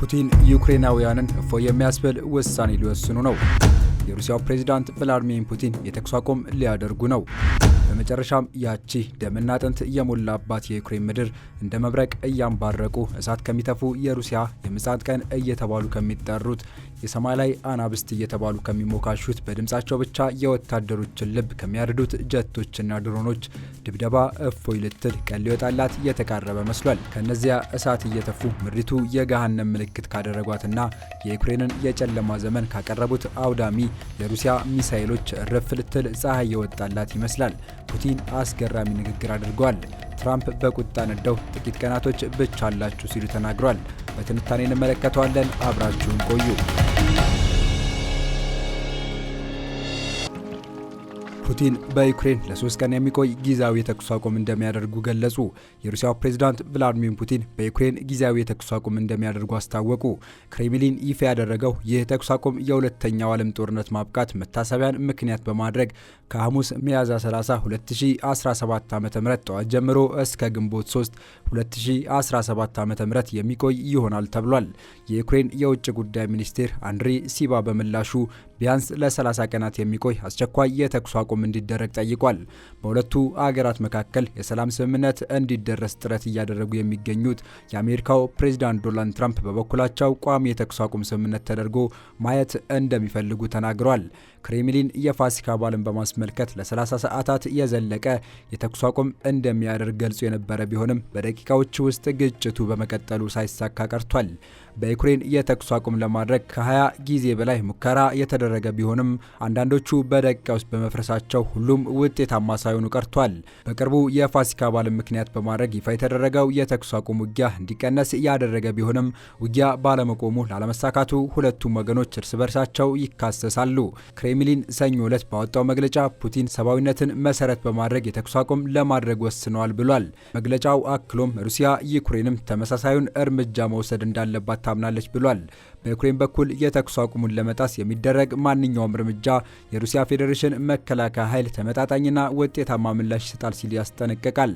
ፑቲን ዩክሬናውያንን እፎ የሚያስብል ውሳኔ ሊወስኑ ነው። የሩሲያው ፕሬዚዳንት ቭላድሚር ፑቲን የተኩስ አቁም ሊያደርጉ ነው። በመጨረሻም ያቺ ደምና አጥንት የሞላባት የዩክሬን ምድር እንደ መብረቅ እያንባረቁ እሳት ከሚተፉ የሩሲያ የምጽአት ቀን እየተባሉ ከሚጠሩት የሰማይ ላይ አናብስት እየተባሉ ከሚሞካሹት በድምፃቸው ብቻ የወታደሮችን ልብ ከሚያርዱት ጀቶችና ድሮኖች ድብደባ እፎይ ልትል ቀን ሊወጣላት እየተቃረበ መስሏል። ከእነዚያ እሳት እየተፉ ምድሪቱ የገሃነም ምልክት ካደረጓትና የዩክሬንን የጨለማ ዘመን ካቀረቡት አውዳሚ የሩሲያ ሚሳይሎች ርፍ ልትል ፀሐይ የወጣላት ይመስላል። ፑቲን አስገራሚ ንግግር አድርገዋል። ትራምፕ በቁጣ ነደው ጥቂት ቀናቶች ብቻ አላችሁ ሲሉ ተናግሯል። በትንታኔ እንመለከተዋለን። አብራችሁን ቆዩ። ፑቲን በዩክሬን ለሶስት ቀን የሚቆይ ጊዜያዊ የተኩስ አቁም እንደሚያደርጉ ገለጹ። የሩሲያው ፕሬዚዳንት ቭላድሚር ፑቲን በዩክሬን ጊዜያዊ የተኩስ አቁም እንደሚያደርጉ አስታወቁ። ክሬምሊን ይፋ ያደረገው ይህ የተኩስ አቁም የሁለተኛው ዓለም ጦርነት ማብቃት መታሰቢያን ምክንያት በማድረግ ከሐሙስ ሚያዝያ 30 2017 ዓ ም ጠዋት ጀምሮ እስከ ግንቦት 3 2017 ዓ ም የሚቆይ ይሆናል ተብሏል። የዩክሬን የውጭ ጉዳይ ሚኒስቴር አንድሪ ሲባ በምላሹ ቢያንስ ለ30 ቀናት የሚቆይ አስቸኳይ የተኩስ አቁም እንዲቆም እንዲደረግ ጠይቋል። በሁለቱ አገራት መካከል የሰላም ስምምነት እንዲደረስ ጥረት እያደረጉ የሚገኙት የአሜሪካው ፕሬዚዳንት ዶናልድ ትራምፕ በበኩላቸው ቋሚ የተኩስ አቁም ስምምነት ተደርጎ ማየት እንደሚፈልጉ ተናግረዋል። ክሬምሊን የፋሲካ በዓልን በማስመልከት ለ30 ሰዓታት የዘለቀ የተኩስ አቁም እንደሚያደርግ ገልጾ የነበረ ቢሆንም በደቂቃዎች ውስጥ ግጭቱ በመቀጠሉ ሳይሳካ ቀርቷል። በዩክሬን የተኩስ አቁም ለማድረግ ከ20 ጊዜ በላይ ሙከራ የተደረገ ቢሆንም አንዳንዶቹ በደቂቃ ውስጥ በመፍረሳቸው ሁሉም ውጤታማ ሳይሆኑ ቀርቷል። በቅርቡ የፋሲካ በዓልን ምክንያት በማድረግ ይፋ የተደረገው የተኩስ አቁም ውጊያ እንዲቀነስ ያደረገ ቢሆንም ውጊያ ባለመቆሙ ላለመሳካቱ ሁለቱም ወገኖች እርስ በርሳቸው ይካሰሳሉ። ክሬምሊን ሰኞ ዕለት ባወጣው መግለጫ ፑቲን ሰብአዊነትን መሰረት በማድረግ የተኩስ አቁም ለማድረግ ወስነዋል ብሏል። መግለጫው አክሎም ሩሲያ ዩክሬንም ተመሳሳዩን እርምጃ መውሰድ እንዳለባት ታምናለች ብሏል። በዩክሬን በኩል የተኩስ አቁሙን ለመጣስ የሚደረግ ማንኛውም እርምጃ የሩሲያ ፌዴሬሽን መከላከያ ኃይል ተመጣጣኝና ውጤታማ ምላሽ ይሰጣል ሲል ያስጠነቅቃል።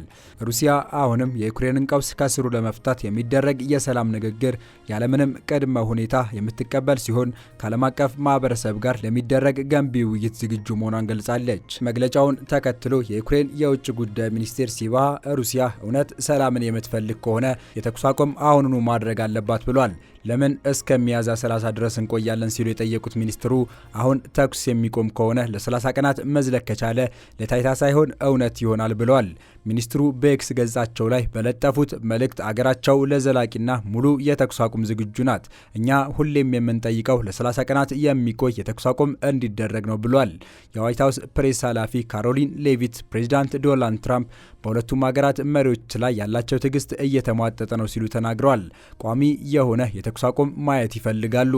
ሩሲያ አሁንም የዩክሬንን ቀውስ ከስሩ ለመፍታት የሚደረግ የሰላም ንግግር ያለምንም ቅድመ ሁኔታ የምትቀበል ሲሆን ከዓለም አቀፍ ማህበረሰብ ጋር ለሚደረግ ገንቢ ውይይት ዝግጁ መሆኗን ገልጻለች። መግለጫውን ተከትሎ የዩክሬን የውጭ ጉዳይ ሚኒስቴር ሲባሃ ሩሲያ እውነት ሰላምን የምትፈልግ ከሆነ የተኩስ አቁም አሁኑኑ ማድረግ አለባት ብሏል። ለምን እስከ ሚያዝያ 30 ድረስ እንቆያለን ሲሉ የጠየቁት ሚኒስትሩ አሁን ተኩስ የሚቆም ከሆነ ለ30 ቀናት መዝለቅ ከቻለ ለታይታ ሳይሆን እውነት ይሆናል ብለዋል። ሚኒስትሩ በኤክስ ገጻቸው ላይ በለጠፉት መልእክት አገራቸው ለዘላቂና ሙሉ የተኩስ አቁም ዝግጁ ናት፣ እኛ ሁሌም የምንጠይቀው ለ30 ቀናት የሚቆይ የተኩስ አቁም እንዲደረግ ነው ብሏል። የዋይት ሀውስ ፕሬስ ኃላፊ ካሮሊን ሌቪት ፕሬዚዳንት ዶናልድ ትራምፕ በሁለቱም ሀገራት መሪዎች ላይ ያላቸው ትዕግስት እየተሟጠጠ ነው ሲሉ ተናግረዋል። ቋሚ የሆነ የተኩስ አቁም ማየት ይፈልጋሉ።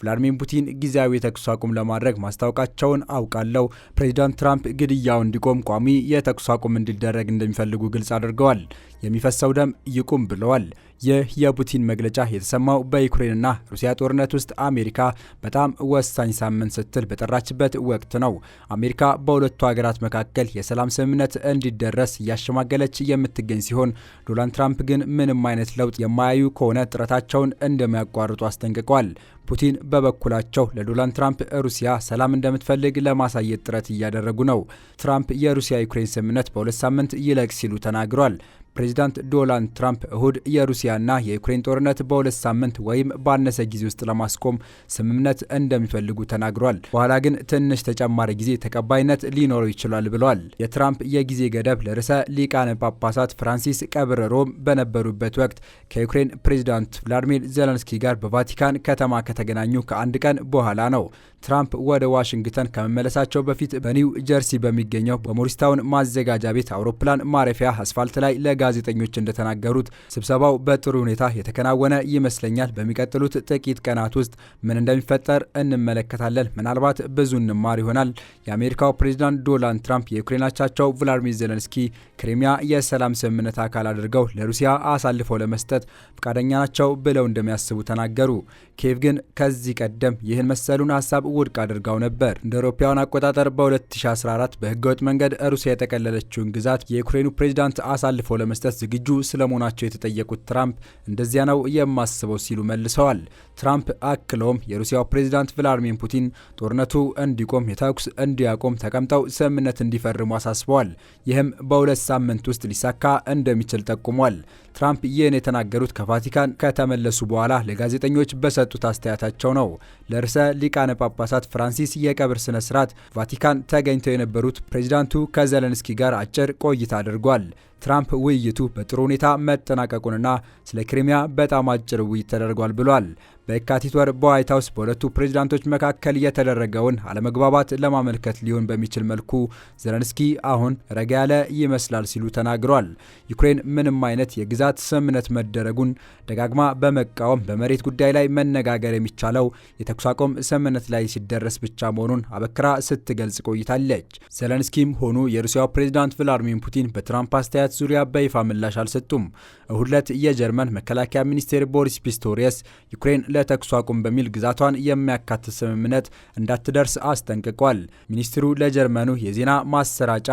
ቭላድሚር ፑቲን ጊዜያዊ የተኩስ አቁም ለማድረግ ማስታወቃቸውን አውቃለሁ። ፕሬዚዳንት ትራምፕ ግድያው እንዲቆም ቋሚ የተኩስ አቁም እንዲደረግ እንደሚፈልጉ ግልጽ አድርገዋል። የሚፈሰው ደም ይቁም ብለዋል። ይህ የፑቲን መግለጫ የተሰማው በዩክሬንና ሩሲያ ጦርነት ውስጥ አሜሪካ በጣም ወሳኝ ሳምንት ስትል በጠራችበት ወቅት ነው። አሜሪካ በሁለቱ ሀገራት መካከል የሰላም ስምምነት እንዲደረስ እያሸማገለች የምትገኝ ሲሆን ዶናልድ ትራምፕ ግን ምንም አይነት ለውጥ የማያዩ ከሆነ ጥረታቸውን እንደሚያቋርጡ አስጠንቅቋል። ፑቲን በበኩላቸው ለዶናልድ ትራምፕ ሩሲያ ሰላም እንደምትፈልግ ለማሳየት ጥረት እያደረጉ ነው። ትራምፕ የሩሲያ ዩክሬን ስምምነት በሁለት ሳምንት ይለቅ ሲሉ ተናግሯል። ፕሬዚዳንት ዶናልድ ትራምፕ እሁድ የሩሲያና የዩክሬን ጦርነት በሁለት ሳምንት ወይም ባነሰ ጊዜ ውስጥ ለማስቆም ስምምነት እንደሚፈልጉ ተናግሯል። በኋላ ግን ትንሽ ተጨማሪ ጊዜ ተቀባይነት ሊኖረው ይችላል ብለዋል። የትራምፕ የጊዜ ገደብ ለርዕሰ ሊቃነ ጳጳሳት ፍራንሲስ ቀብር ሮም በነበሩበት ወቅት ከዩክሬን ፕሬዚዳንት ቭላዲሚር ዜለንስኪ ጋር በቫቲካን ከተማ ከተገናኙ ከአንድ ቀን በኋላ ነው። ትራምፕ ወደ ዋሽንግተን ከመመለሳቸው በፊት በኒው ጀርሲ በሚገኘው በሞሪስታውን ማዘጋጃ ቤት አውሮፕላን ማረፊያ አስፋልት ላይ ለጋዜጠኞች እንደተናገሩት ስብሰባው በጥሩ ሁኔታ የተከናወነ ይመስለኛል። በሚቀጥሉት ጥቂት ቀናት ውስጥ ምን እንደሚፈጠር እንመለከታለን። ምናልባት ብዙ እንማር ይሆናል። የአሜሪካው ፕሬዚዳንት ዶናልድ ትራምፕ የዩክሬን አቻቸው ቮሎዲሚር ዜለንስኪ ክሪሚያ የሰላም ስምምነት አካል አድርገው ለሩሲያ አሳልፈው ለመስጠት ፈቃደኛ ናቸው ብለው እንደሚያስቡ ተናገሩ። ኬቭ ግን ከዚህ ቀደም ይህን መሰሉን ሀሳብ ውድቅ አድርገው ነበር። እንደ አውሮፓውያን አቆጣጠር በ2014 በህገወጥ መንገድ ሩሲያ የጠቀለለችውን ግዛት የዩክሬኑ ፕሬዚዳንት አሳልፈው ለመስጠት ዝግጁ ስለመሆናቸው የተጠየቁት ትራምፕ እንደዚያ ነው የማስበው ሲሉ መልሰዋል። ትራምፕ አክለውም የሩሲያው ፕሬዚዳንት ቭላዲሚር ፑቲን ጦርነቱ እንዲቆም የተኩስ እንዲያቆም ተቀምጠው ስምምነት እንዲፈርሙ አሳስበዋል። ይህም በሁለት ሳምንት ውስጥ ሊሳካ እንደሚችል ጠቁሟል። ትራምፕ ይህን የተናገሩት ከቫቲካን ከተመለሱ በኋላ ለጋዜጠኞች በሰጡት አስተያየታቸው ነው። ለርዕሰ ሊቃነ ጳጳ ጳጳሳት ፍራንሲስ የቀብር ስነ ስርዓት ቫቲካን ተገኝተው የነበሩት ፕሬዚዳንቱ ከዘለንስኪ ጋር አጭር ቆይታ አድርጓል። ትራምፕ ውይይቱ በጥሩ ሁኔታ መጠናቀቁንና ስለ ክሪሚያ በጣም አጭር ውይይት ተደርጓል ብሏል። በየካቲት ወር በዋይት ሀውስ በሁለቱ ፕሬዚዳንቶች መካከል የተደረገውን አለመግባባት ለማመልከት ሊሆን በሚችል መልኩ ዘለንስኪ አሁን ረጋ ያለ ይመስላል ሲሉ ተናግሯል። ዩክሬን ምንም አይነት የግዛት ስምምነት መደረጉን ደጋግማ በመቃወም በመሬት ጉዳይ ላይ መነጋገር የሚቻለው የተኩስ አቁም ስምምነት ላይ ሲደረስ ብቻ መሆኑን አበክራ ስትገልጽ ቆይታለች። ዘለንስኪም ሆኑ የሩሲያው ፕሬዚዳንት ቭላዲሚር ፑቲን በትራምፕ አስተያየት በመመልከት ዙሪያ በይፋ ምላሽ አልሰጡም። እሁድ ዕለት የጀርመን መከላከያ ሚኒስቴር ቦሪስ ፒስቶሪየስ ዩክሬን ለተኩስ አቁም በሚል ግዛቷን የሚያካትት ስምምነት እንዳትደርስ አስጠንቅቋል። ሚኒስትሩ ለጀርመኑ የዜና ማሰራጫ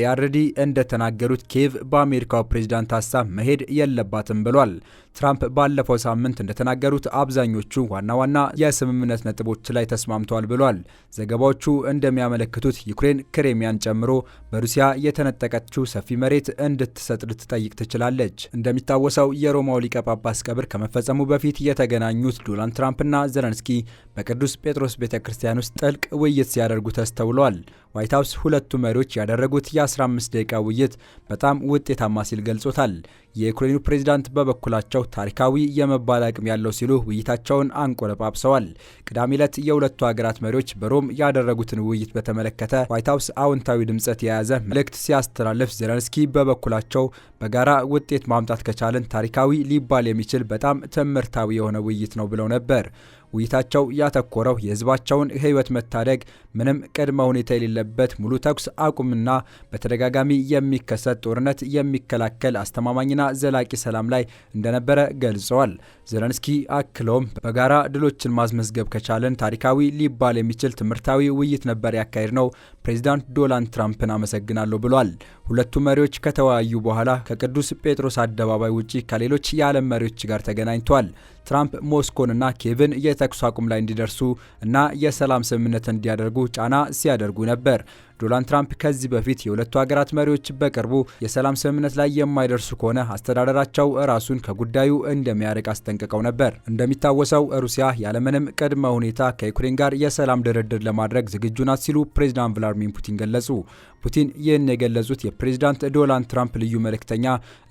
ኤአርዲ እንደተናገሩት ኬቭ በአሜሪካው ፕሬዚዳንት ሀሳብ መሄድ የለባትም ብሏል። ትራምፕ ባለፈው ሳምንት እንደተናገሩት አብዛኞቹ ዋና ዋና የስምምነት ነጥቦች ላይ ተስማምተዋል ብሏል። ዘገባዎቹ እንደሚያመለክቱት ዩክሬን ክሬሚያን ጨምሮ በሩሲያ የተነጠቀችው ሰፊ መሬት እንድትሰጥ ልትጠይቅ ትችላለች። እንደሚታወሰው የሮማው ሊቀ ጳጳስ ቀብር ከመፈጸሙ በፊት የተገናኙት ዶናልድ ትራምፕና ዘለንስኪ በቅዱስ ጴጥሮስ ቤተ ክርስቲያን ውስጥ ጥልቅ ውይይት ሲያደርጉ ተስተውሏል። ዋይት ሀውስ ሁለቱ መሪዎች ያደረጉት የ15 ደቂቃ ውይይት በጣም ውጤታማ ሲል ገልጾታል። የዩክሬኑ ፕሬዚዳንት በበኩላቸው ታሪካዊ የመባል አቅም ያለው ሲሉ ውይይታቸውን አንቆለጳጵሰዋል። ቅዳሜ ዕለት የሁለቱ ሀገራት መሪዎች በሮም ያደረጉትን ውይይት በተመለከተ ዋይት ሀውስ አዎንታዊ ድምጸት የያዘ መልእክት ሲያስተላልፍ፣ ዜለንስኪ በበኩላቸው በጋራ ውጤት ማምጣት ከቻለን ታሪካዊ ሊባል የሚችል በጣም ትምህርታዊ የሆነ ውይይት ነው ብለው ነበር። ውይይታቸው ያተኮረው የህዝባቸውን ህይወት መታደግ ምንም ቅድመ ሁኔታ የሌለበት ሙሉ ተኩስ አቁምና በተደጋጋሚ የሚከሰት ጦርነት የሚከላከል አስተማማኝና ዘላቂ ሰላም ላይ እንደነበረ ገልጸዋል። ዘለንስኪ አክለውም በጋራ ድሎችን ማስመዝገብ ከቻለን ታሪካዊ ሊባል የሚችል ትምህርታዊ ውይይት ነበር ያካሄድ ነው። ፕሬዚዳንት ዶናልድ ትራምፕን አመሰግናለሁ ብሏል። ሁለቱ መሪዎች ከተወያዩ በኋላ ከቅዱስ ጴጥሮስ አደባባይ ውጪ ከሌሎች የዓለም መሪዎች ጋር ተገናኝቷል። ትራምፕ ሞስኮንና ኬቭን የተኩስ አቁም ላይ እንዲደርሱ እና የሰላም ስምምነት እንዲያደርጉ ጫና ሲያደርጉ ነበር። ዶናልድ ትራምፕ ከዚህ በፊት የሁለቱ ሀገራት መሪዎች በቅርቡ የሰላም ስምምነት ላይ የማይደርሱ ከሆነ አስተዳደራቸው ራሱን ከጉዳዩ እንደሚያርቅ አስጠንቅቀው ነበር። እንደሚታወሰው ሩሲያ ያለምንም ቅድመ ሁኔታ ከዩክሬን ጋር የሰላም ድርድር ለማድረግ ዝግጁ ናት ሲሉ ፕሬዚዳንት ቭላድሚር ፑቲን ገለጹ። ፑቲን ይህን የገለጹት የፕሬዚዳንት ዶናልድ ትራምፕ ልዩ መልእክተኛ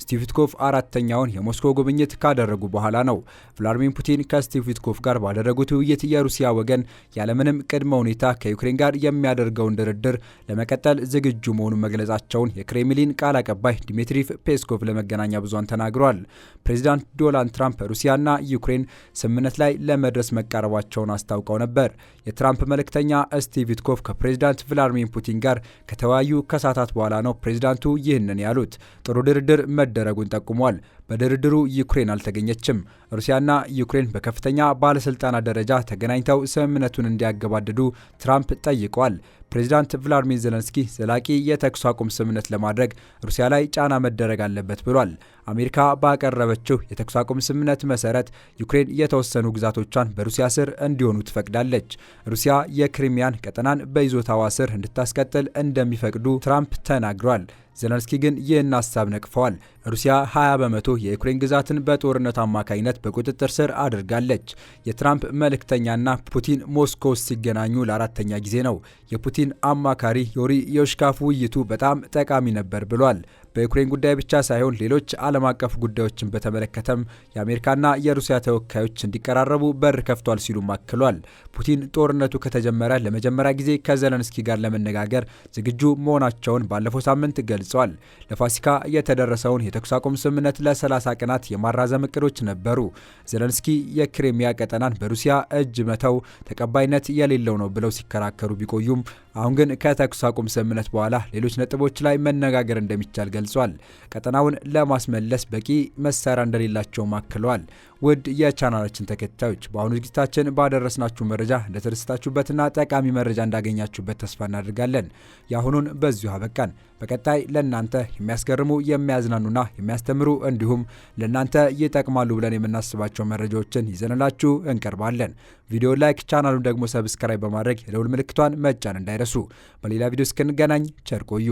ስቲቭ አራተኛውን የሞስኮ ጉብኝት ካደረጉ በኋላ ነው። ቭላድሚር ፑቲን ከስቲቭ ጋር ባደረጉት ውይይት የሩሲያ ወገን ያለምንም ቅድመ ሁኔታ ከዩክሬን ጋር የሚያደርገውን ድርድር ለመቀጠል ዝግጁ መሆኑን መግለጻቸውን የክሬምሊን ቃል አቀባይ ዲሚትሪ ፔስኮቭ ለመገናኛ ብዙሃን ተናግረዋል። ፕሬዚዳንት ዶናልድ ትራምፕ ሩሲያና ዩክሬን ስምምነት ላይ ለመድረስ መቃረባቸውን አስታውቀው ነበር። የትራምፕ መልእክተኛ ስቲቭ ዊትኮፍ ከፕሬዚዳንት ቭላዲሚር ፑቲን ጋር ከተወያዩ ከሰዓታት በኋላ ነው ፕሬዚዳንቱ ይህንን ያሉት። ጥሩ ድርድር መደረጉን ጠቁሟል። በድርድሩ ዩክሬን አልተገኘችም። ሩሲያና ዩክሬን በከፍተኛ ባለስልጣናት ደረጃ ተገናኝተው ስምምነቱን እንዲያገባድዱ ትራምፕ ጠይቀዋል። ፕሬዚዳንት ቭላዲሚር ዜለንስኪ ዘላቂ የተኩስ አቁም ስምምነት ለማድረግ ሩሲያ ላይ ጫና መደረግ አለበት ብሏል። አሜሪካ ባቀረበችው የተኩስ አቁም ስምምነት መሰረት ዩክሬን የተወሰኑ ግዛቶቿን በሩሲያ ስር እንዲሆኑ ትፈቅዳለች። ሩሲያ የክሪሚያን ቀጠናን በይዞታዋ ስር እንድታስቀጥል እንደሚፈቅዱ ትራምፕ ተናግሯል። ዘለንስኪ ግን ይህን ሀሳብ ነቅፈዋል። ሩሲያ 20 በመቶ የዩክሬን ግዛትን በጦርነት አማካኝነት በቁጥጥር ስር አድርጋለች። የትራምፕ መልእክተኛና ፑቲን ሞስኮ ውስጥ ሲገናኙ ለአራተኛ ጊዜ ነው። የፑቲን አማካሪ ዮሪ ዮሽካፍ ውይይቱ በጣም ጠቃሚ ነበር ብሏል። በዩክሬን ጉዳይ ብቻ ሳይሆን ሌሎች ዓለም አቀፍ ጉዳዮችን በተመለከተም የአሜሪካና የሩሲያ ተወካዮች እንዲቀራረቡ በር ከፍቷል ሲሉም አክሏል። ፑቲን ጦርነቱ ከተጀመረ ለመጀመሪያ ጊዜ ከዘለንስኪ ጋር ለመነጋገር ዝግጁ መሆናቸውን ባለፈው ሳምንት ገልጿል። ለፋሲካ የተደረሰውን የተኩስ አቁም ስምምነት ለ30 ቀናት የማራዘም እቅዶች ነበሩ። ዘለንስኪ የክሬሚያ ቀጠናን በሩሲያ እጅ መተው ተቀባይነት የሌለው ነው ብለው ሲከራከሩ ቢቆዩም አሁን ግን ከተኩስ አቁም ስምምነት በኋላ ሌሎች ነጥቦች ላይ መነጋገር እንደሚቻል ገልጿል። ቀጠናውን ለማስመለስ በቂ መሳሪያ እንደሌላቸውም አክለዋል። ውድ የቻናላችን ተከታዮች በአሁኑ ዝግጅታችን ባደረስናችሁ መረጃ እንደተደሰታችሁበትና ጠቃሚ መረጃ እንዳገኛችሁበት ተስፋ እናደርጋለን። የአሁኑን በዚሁ አበቃን። በቀጣይ ለእናንተ የሚያስገርሙ የሚያዝናኑና የሚያስተምሩ እንዲሁም ለእናንተ ይጠቅማሉ ብለን የምናስባቸው መረጃዎችን ይዘንላችሁ እንቀርባለን። ቪዲዮ ላይክ፣ ቻናሉን ደግሞ ሰብስክራይብ በማድረግ የደውል ምልክቷን መጫን እንዳይረሱ። በሌላ ቪዲዮ እስክንገናኝ ቸር ቆዩ።